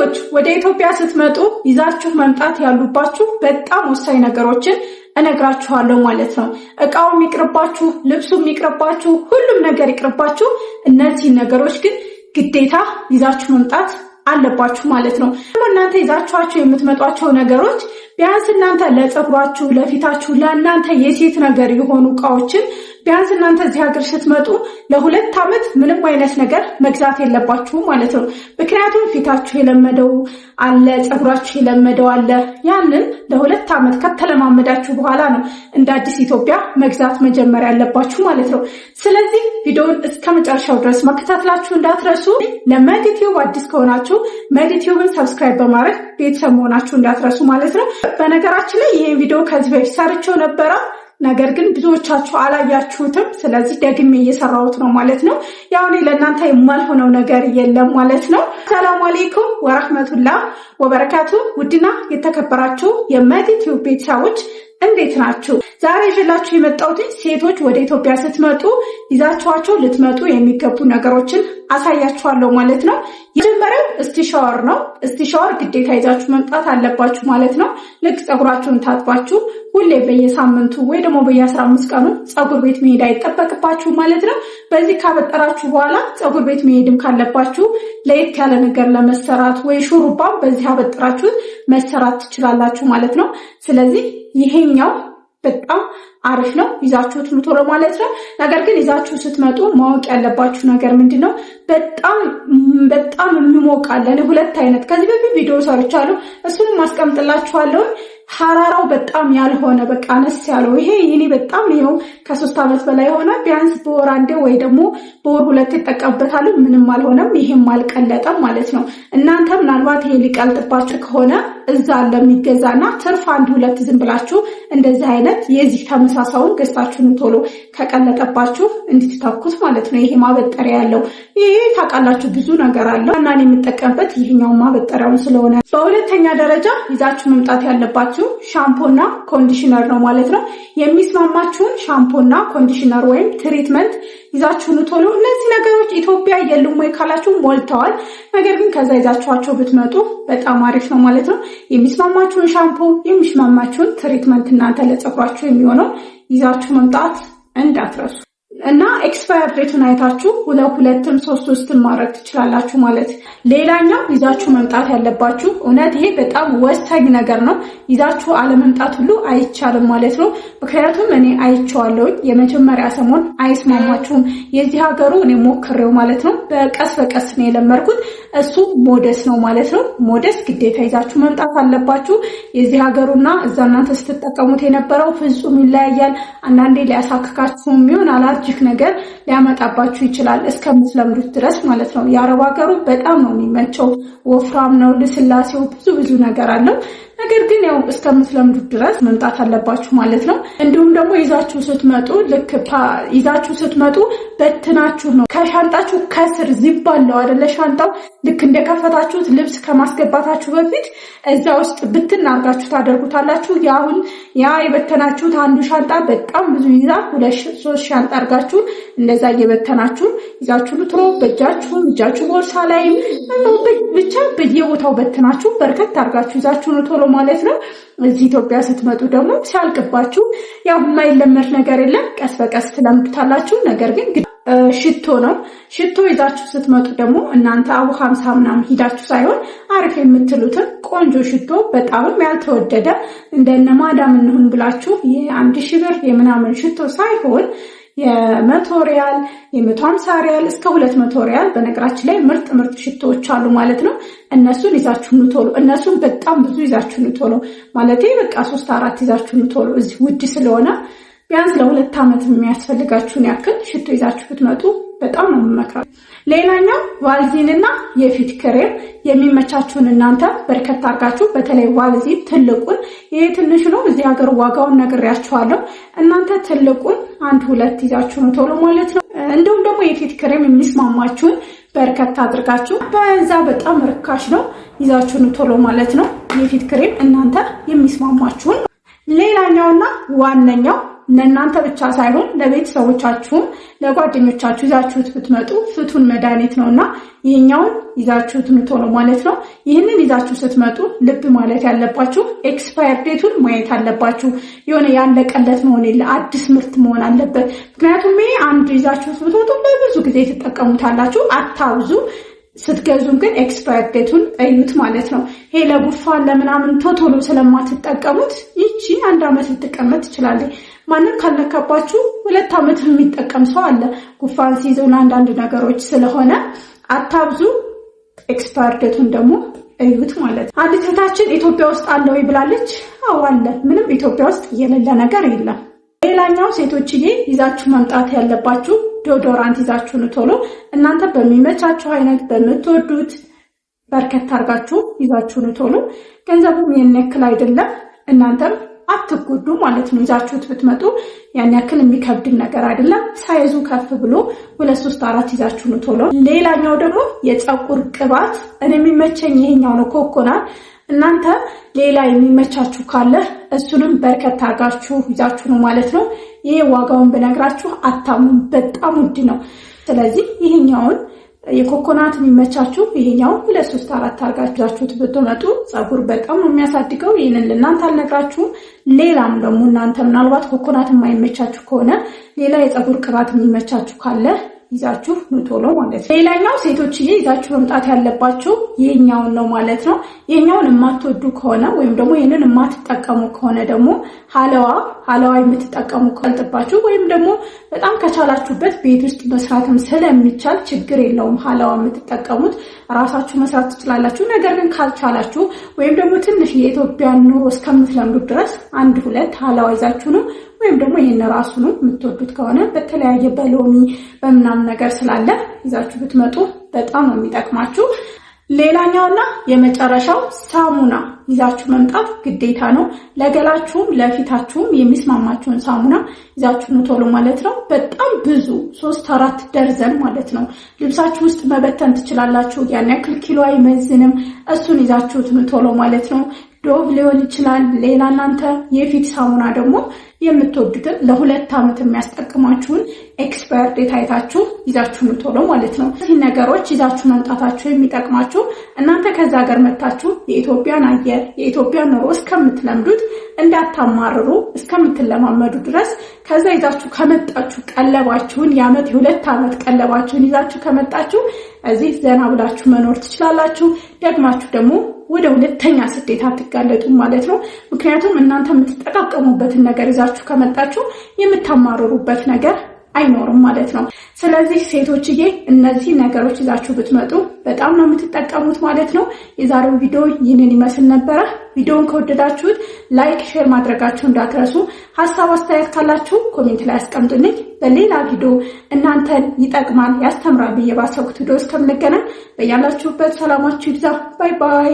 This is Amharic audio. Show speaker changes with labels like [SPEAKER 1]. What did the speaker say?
[SPEAKER 1] እህቶች ወደ ኢትዮጵያ ስትመጡ ይዛችሁ መምጣት ያሉባችሁ በጣም ወሳኝ ነገሮችን እነግራችኋለሁ ማለት ነው። እቃውም ይቅርባችሁ፣ ልብሱም ይቅርባችሁ፣ ሁሉም ነገር ይቅርባችሁ። እነዚህ ነገሮች ግን ግዴታ ይዛችሁ መምጣት አለባችሁ ማለት ነው። እናንተ ይዛችኋቸው የምትመጧቸው ነገሮች ቢያንስ እናንተ ለፀጉራችሁ፣ ለፊታችሁ፣ ለእናንተ የሴት ነገር የሆኑ እቃዎችን ቢያንስ እናንተ እዚህ ሀገር ስትመጡ ለሁለት ዓመት ምንም አይነት ነገር መግዛት የለባችሁ ማለት ነው። ምክንያቱም ፊታችሁ የለመደው አለ፣ ፀጉራችሁ የለመደው አለ። ያንን ለሁለት ዓመት ከተለማመዳችሁ በኋላ ነው እንደ አዲስ ኢትዮጵያ መግዛት መጀመር ያለባችሁ ማለት ነው። ስለዚህ ቪዲዮውን እስከ መጨረሻው ድረስ መከታተላችሁ እንዳትረሱ። ለመዲቲዩብ አዲስ ከሆናችሁ መዲቲዩብን ሰብስክራይብ በማድረግ ቤተሰብ መሆናችሁ እንዳትረሱ ማለት ነው። በነገራችን ላይ ይህን ቪዲዮ ከዚህ በፊት ሰርቼው ነበረ። ነገር ግን ብዙዎቻችሁ አላያችሁትም። ስለዚህ ደግሜ እየሰራሁት ነው ማለት ነው። ያው እኔ ለእናንተ የማልሆነው ነገር የለም ማለት ነው። ሰላም አሌይኩም ወራህመቱላ ወበረካቱ። ውድና የተከበራችሁ የመት ቤተሰቦች እንዴት ናችሁ? ዛሬ ይዤላችሁ የመጣሁትኝ ሴቶች ወደ ኢትዮጵያ ስትመጡ ይዛችኋቸው ልትመጡ የሚገቡ ነገሮችን አሳያችኋለሁ ማለት ነው። የመጀመሪያው እስቲሻወር ነው። እስቲሻወር ግዴታ ይዛችሁ መምጣት አለባችሁ ማለት ነው። ልክ ፀጉራችሁን ታጥባችሁ ሁሌ በየሳምንቱ ወይ ደግሞ በየአስራ አምስት ቀኑ ፀጉር ቤት መሄድ አይጠበቅባችሁ ማለት ነው። በዚህ ካበጠራችሁ በኋላ ፀጉር ቤት መሄድም ካለባችሁ ለየት ያለ ነገር ለመሰራት ወይ ሹሩባ በዚህ አበጥራችሁት መሰራት ትችላላችሁ ማለት ነው። ስለዚህ ይሄን ይሄኛው በጣም አሪፍ ነው። ይዛችሁት ምቶ ማለት ነው። ነገር ግን ይዛችሁ ስትመጡ ማወቅ ያለባችሁ ነገር ምንድን ነው? በጣም በጣም የሚሞቃለን ሁለት አይነት ከዚህ በፊት ቪዲዮ ሰርቻለሁ። እሱንም ማስቀምጥላችኋለሁ። ሀራራው በጣም ያልሆነ በቃ አነስ ያለው ይሄ ይኔ በጣም ይኸው ከሶስት ዓመት በላይ የሆነ ቢያንስ በወር አንዴ ወይ ደግሞ በወር ሁለት ይጠቀምበታል። ምንም አልሆነም። ይሄም አልቀለጠም ማለት ነው። እናንተ ምናልባት ይሄ ሊቀልጥባችሁ ከሆነ እዛ ለሚገዛ እና ትርፍ አንድ ሁለት ዝም ብላችሁ እንደዚህ አይነት የዚህ ተመሳሳውን ገዝታችሁን ቶሎ ከቀለጠባችሁ እንድትተኩት ማለት ነው። ይሄ ማበጠሪያ ያለው ይሄ ታውቃላችሁ ብዙ ነገር አለው እና እኔ የምጠቀምበት ይህኛው ማበጠሪያውን ስለሆነ፣ በሁለተኛ ደረጃ ይዛችሁ መምጣት ያለባችሁ ሻምፖና ኮንዲሽነር ነው ማለት ነው። የሚስማማችሁን ሻምፖና ኮንዲሽነር ወይም ትሪትመንት ይዛችሁን ቶሎ። እነዚህ ነገሮች ኢትዮጵያ የሉም ወይ ካላችሁ ሞልተዋል። ነገር ግን ከዛ ይዛችኋቸው ብትመጡ በጣም አሪፍ ነው ማለት ነው። የሚስማማችሁን ሻምፖ፣ የሚስማማችሁን ትሪትመንት እናንተ ለጸጉራችሁ የሚሆነው ይዛችሁ መምጣት እንዳትረሱ እና ኤክስፓየር ዴቱን አይታችሁ ሁለት ሁለትም ሶስት ውስጥም ማድረግ ትችላላችሁ ማለት። ሌላኛው ይዛችሁ መምጣት ያለባችሁ እውነት ይሄ በጣም ወሳኝ ነገር ነው። ይዛችሁ አለመምጣት ሁሉ አይቻልም ማለት ነው። ምክንያቱም እኔ አይቼዋለሁኝ። የመጀመሪያ ሰሞን አይስማማችሁም። የዚህ ሀገሩ እኔ ሞክሬው ማለት ነው። በቀስ በቀስ ነው የለመድኩት። እሱ ሞደስ ነው ማለት ነው። ሞደስ ግዴታ ይዛችሁ መምጣት አለባችሁ። የዚህ ሀገሩና እዛ እናንተ ስትጠቀሙት የነበረው ፍጹም ይለያያል። አንዳንዴ ሊያሳክካችሁ የሚሆን አላርጂክ ነገር ሊያመጣባችሁ ይችላል፣ እስከምትለምዱት ድረስ ማለት ነው። የአረብ ሀገሩ በጣም ነው የሚመቸው። ወፍራም ነው፣ ልስላሴው ብዙ ብዙ ነገር አለው። ነገር ግን ያው እስከምትለምዱ ድረስ መምጣት አለባችሁ ማለት ነው። እንዲሁም ደግሞ ይዛችሁ ስትመጡ ልክ ይዛችሁ ስትመጡ በትናችሁ ነው ከሻንጣችሁ ከስር ዚፕ አለው አይደለ? ሻንጣው ልክ እንደከፈታችሁት ልብስ ከማስገባታችሁ በፊት እዛ ውስጥ ብትን አርጋችሁ ታደርጉታላችሁ። ያሁን ያ የበተናችሁት አንዱ ሻንጣ በጣም ብዙ ይዛ ሁለት ሶስት ሻንጣ አርጋችሁ እንደዛ እየበተናችሁ ይዛችሁ ልትሮ በእጃችሁም እጃችሁ ቦርሳ ላይም ብቻ በየቦታው በትናችሁ በርከት አርጋችሁ ይዛችሁ ቶሎ ማለት ነው። እዚህ ኢትዮጵያ ስትመጡ ደግሞ ሲያልቅባችሁ ያው የማይለመድ ነገር የለም፣ ቀስ በቀስ ትለምዱታላችሁ። ነገር ግን ሽቶ ነው። ሽቶ ይዛችሁ ስትመጡ ደግሞ እናንተ አቡ ሀምሳ ምናምን ሂዳችሁ ሳይሆን አሪፍ የምትሉትን ቆንጆ ሽቶ በጣምም ያልተወደደ እንደነ ማዳም እንሁን ብላችሁ የአንድ ሺህ ብር የምናምን ሽቶ ሳይሆን የመቶ ሪያል የመቶ ሀምሳ ሪያል እስከ ሁለት መቶ ሪያል በነገራችን ላይ ምርጥ ምርጥ ሽቶዎች አሉ ማለት ነው። እነሱን ይዛችሁ ኑ ቶሎ። እነሱን በጣም ብዙ ይዛችሁ ኑ ቶሎ ማለት በቃ ሶስት አራት ይዛችሁ ኑ ቶሎ። እዚህ ውድ ስለሆነ ቢያንስ ለሁለት ዓመት የሚያስፈልጋችሁን ያክል ሽቶ ይዛችሁ ብትመጡ በጣም ነው የምመክረው። ሌላኛው ዋልዚን እና የፊት ክሬም የሚመቻችሁን እናንተ በርከት አድርጋችሁ በተለይ ዋልዚን ትልቁን፣ ይሄ ትንሽ ነው፣ እዚህ ሀገር ዋጋውን ነግሬያችኋለሁ። እናንተ ትልቁን አንድ ሁለት ይዛችሁ ነው ቶሎ ማለት ነው። እንዲሁም ደግሞ የፊት ክሬም የሚስማማችሁን በርከት አድርጋችሁ በዛ በጣም ርካሽ ነው፣ ይዛችሁን ቶሎ ማለት ነው። የፊት ክሬም እናንተ የሚስማማችሁን ሌላኛውና ዋነኛው ለእናንተ ብቻ ሳይሆን ለቤተሰቦቻችሁም ለጓደኞቻችሁ ይዛችሁት ብትመጡ ፍቱን መድኃኒት ነው እና ይህኛውን ይዛችሁት ነው ማለት ነው። ይህንን ይዛችሁ ስትመጡ ልብ ማለት ያለባችሁ ኤክስፓየር ዴቱን ማየት አለባችሁ። የሆነ ያለቀለት መሆን የለ አዲስ ምርት መሆን አለበት። ምክንያቱም ይሄ አንድ ይዛችሁት ብትመጡ ለብዙ ጊዜ ትጠቀሙታላችሁ። አታብዙ። ስትገዙም ግን ኤክስፓየር ዴቱን እዩት ማለት ነው። ይሄ ለጉንፋን ለምናምን ቶቶሎ ስለማትጠቀሙት ይቺ አንድ ዓመት ልትቀመጥ ትችላለች። ማንም ካልነካባችሁ ሁለት ዓመት የሚጠቀም ሰው አለ። ጉንፋን ሲይዘውን አንዳንድ ነገሮች ስለሆነ አታብዙ። ኤክስፓየር ዴቱን ደግሞ እዩት ማለት ነው። አንድ እህታችን ኢትዮጵያ ውስጥ አለ ወይ ብላለች። አዎ አለ። ምንም ኢትዮጵያ ውስጥ የሌለ ነገር የለም። ሌላኛው ሴቶችዬ ይዛችሁ መምጣት ያለባችሁ ዶዶራንት ይዛችሁን ቶሎ እናንተ በሚመቻችሁ አይነት በምትወዱት በርከት አርጋችሁ ይዛችሁን ቶሎ ገንዘቡ ይህን ያክል አይደለም። እናንተም አትጎዱ ማለት ነው። ይዛችሁት ብትመጡ ያን ያክል የሚከብድን ነገር አይደለም። ሳይዙ ከፍ ብሎ ሁለት ሶስት አራት ይዛችሁን ቶሎ። ሌላኛው ደግሞ የፀጉር ቅባት እኔ የሚመቸኝ ይሄኛው ነው፣ ኮኮናል እናንተ ሌላ የሚመቻችሁ ካለ እሱንም በርከት አርጋችሁ ይዛችሁ ነው ማለት ነው። ይሄ ዋጋውን ብነግራችሁ አታሙም፣ በጣም ውድ ነው። ስለዚህ ይህኛውን የኮኮናት የሚመቻችሁ ይሄኛው ሁለት ሶስት አራት አርጋችሁት ብትመጡ ፀጉር በጣም ነው የሚያሳድገው። ይህንን ለእናንተ አልነግራችሁም። ሌላም ደግሞ እናንተ ምናልባት ኮኮናት የማይመቻችሁ ከሆነ ሌላ የፀጉር ቅባት የሚመቻችሁ ካለ ይዛችሁ ኑ ቶሎ ማለት ነው። ሌላኛው ሴቶችዬ ይዛችሁ መምጣት ያለባችሁ ይህኛውን ነው ማለት ነው። ይህኛውን የማትወዱ ከሆነ ወይም ደግሞ ይህንን የማትጠቀሙ ከሆነ ደግሞ ሀለዋ ሀለዋ የምትጠቀሙ ከልጥባችሁ ወይም ደግሞ በጣም ከቻላችሁበት ቤት ውስጥ መስራትም ስለሚቻል ችግር የለውም። ሀለዋ የምትጠቀሙት ራሳችሁ መስራት ትችላላችሁ። ነገር ግን ካልቻላችሁ ወይም ደግሞ ትንሽ የኢትዮጵያን ኑሮ እስከምትለምዱ ድረስ አንድ ሁለት ሀለዋ ይዛችሁ ነው ወይም ደግሞ ይህን ነው የምትወዱት ከሆነ በተለያየ በሎሚ በምናምን ነገር ስላለ ይዛችሁ ብትመጡ በጣም ነው የሚጠቅማችሁ። ሌላኛውና የመጨረሻው ሳሙና ይዛችሁ መምጣት ግዴታ ነው። ለገላችሁም ለፊታችሁም የሚስማማችሁን ሳሙና ይዛችሁ ነው ቶሎ ማለት ነው። በጣም ብዙ ሶስት አራት ደርዘን ማለት ነው። ልብሳችሁ ውስጥ መበተን ትችላላችሁ። ያን ያክል ኪሎ አይመዝንም። እሱን ይዛችሁት ነው ቶሎ ማለት ነው። ዶቭ ሊሆን ይችላል። ሌላ እናንተ የፊት ሳሙና ደግሞ የምትወዱትን ለሁለት ዓመት የሚያስጠቅማችሁን ኤክስፐርት የታይታችሁ ይዛችሁ ምትሆነ ማለት ነው። እዚህ ነገሮች ይዛችሁ መምጣታችሁ የሚጠቅማችሁ እናንተ ከዚ ሀገር መጥታችሁ የኢትዮጵያን አየር የኢትዮጵያ ኑሮ እስከምትለምዱት እንዳታማርሩ እስከምትለማመዱ ድረስ ከዛ ይዛችሁ ከመጣችሁ ቀለባችሁን የዓመት የሁለት ዓመት ቀለባችሁን ይዛችሁ ከመጣችሁ እዚህ ዘና ብላችሁ መኖር ትችላላችሁ። ደግማችሁ ደግሞ ወደ ሁለተኛ ስደት አትጋለጡም ማለት ነው። ምክንያቱም እናንተ የምትጠቃቀሙበትን ነገር ይዛ ብላችሁ ከመጣችሁ የምታማርሩበት ነገር አይኖርም ማለት ነው። ስለዚህ ሴቶችዬ እነዚህ ነገሮች ይዛችሁ ብትመጡ በጣም ነው የምትጠቀሙት ማለት ነው። የዛሬው ቪዲዮ ይህንን ይመስል ነበረ። ቪዲዮውን ከወደዳችሁት ላይክ፣ ሼር ማድረጋችሁ እንዳትረሱ። ሀሳብ አስተያየት ካላችሁ ኮሜንት ላይ አስቀምጡልኝ። በሌላ ቪዲዮ እናንተን ይጠቅማል፣ ያስተምራል ብዬ ባሰብኩት ቪዲዮ እስከምንገናኝ በያላችሁበት ሰላማችሁ ይብዛ። ባይ ባይ